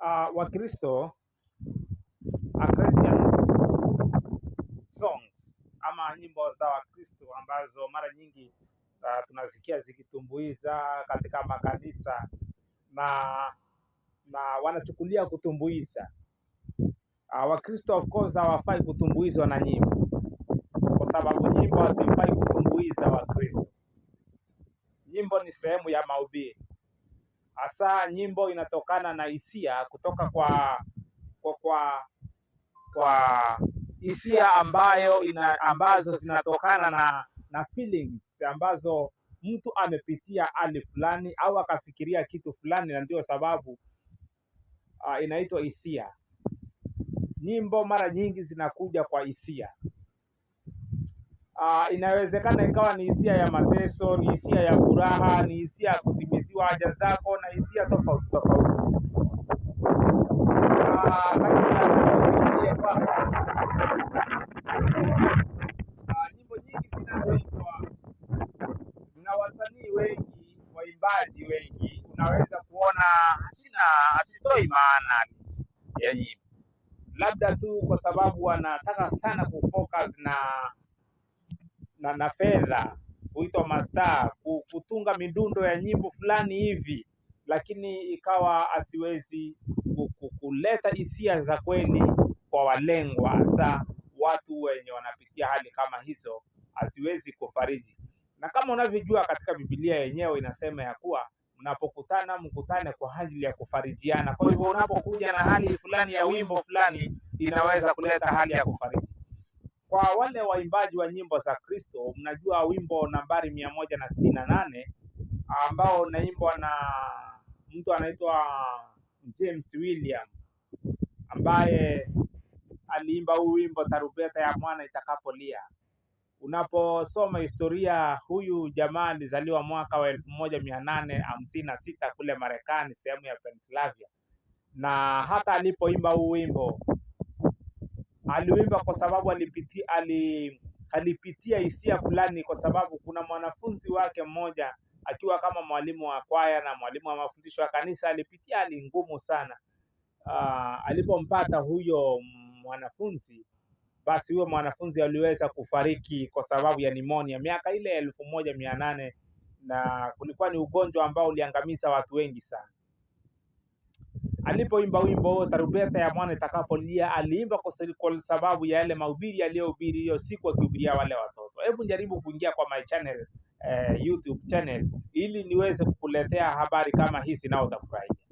uh, ah, Wakristo a Christians songs ama nyimbo za Wakristo ambazo mara nyingi uh, tunasikia zikitumbuiza katika makanisa na na wanachukulia kutumbuiza. Uh, ah, Wakristo of course hawafai kutumbuizwa na nyimbo, kwa sababu nyimbo hazifai kutumbuiza Wakristo. Nyimbo ni sehemu ya mahubiri hasa nyimbo inatokana na hisia kutoka kwa kwa kwa, kwa hisia ambayo ina, ambazo zinatokana na na feelings ambazo mtu amepitia hali fulani au akafikiria kitu fulani, na ndio sababu uh, inaitwa hisia. Nyimbo mara nyingi zinakuja kwa hisia uh, inawezekana ikawa ni hisia ya mateso, ni hisia ya furaha, ni hisia ya kutimiziwa haja zako na hisia tofauti tofauti. Ah, ah, nyimbo nyingi zinazoitwa na wasanii wengi, waimbaji wengi, unaweza kuona sina asitoi maana ya nyimbo, labda tu kwa sababu wanataka sana kufocus na na, na fedha huitwa mastaa kutunga midundo ya nyimbo fulani hivi, lakini ikawa asiwezi kuleta hisia za kweli kwa walengwa, hasa watu wenye wanapitia hali kama hizo, asiwezi kufariji. Na kama unavyojua katika Biblia yenyewe inasema ya kuwa mnapokutana mkutane kwa ajili ya kufarijiana. Kwa hivyo unapokuja na hali fulani ya wimbo fulani, inaweza kuleta hali ya kufariji. Kwa wale waimbaji wa nyimbo za Kristo, mnajua wimbo nambari mia moja na sitini na nane ambao unaimbwa na mtu anaitwa James William ambaye aliimba huu wimbo tarubeta ya mwana itakapolia. Unaposoma historia, huyu jamaa alizaliwa mwaka wa elfu moja mia nane hamsini na sita kule Marekani, sehemu ya Pennsylvania, na hata alipoimba huu wimbo aliwimba kwa sababu alipitia ali, alipitia hisia fulani, kwa sababu kuna mwanafunzi wake mmoja akiwa kama mwalimu wa kwaya na mwalimu wa mafundisho ya kanisa alipitia hali ngumu sana. Uh, alipompata huyo mwanafunzi basi huyo mwanafunzi aliweza kufariki kwa sababu ya nimonia miaka ile elfu moja mia nane na kulikuwa ni ugonjwa ambao uliangamiza watu wengi sana alipoimba wimbo tarubeta ya mwana itakapolia, aliimba kwa sababu ya yale mahubiri aliyohubiri hiyo siku, akihubiria wale watoto. Hebu jaribu kuingia kwa my channel, eh, YouTube channel ili niweze kukuletea habari kama hizi, nao utafurahia.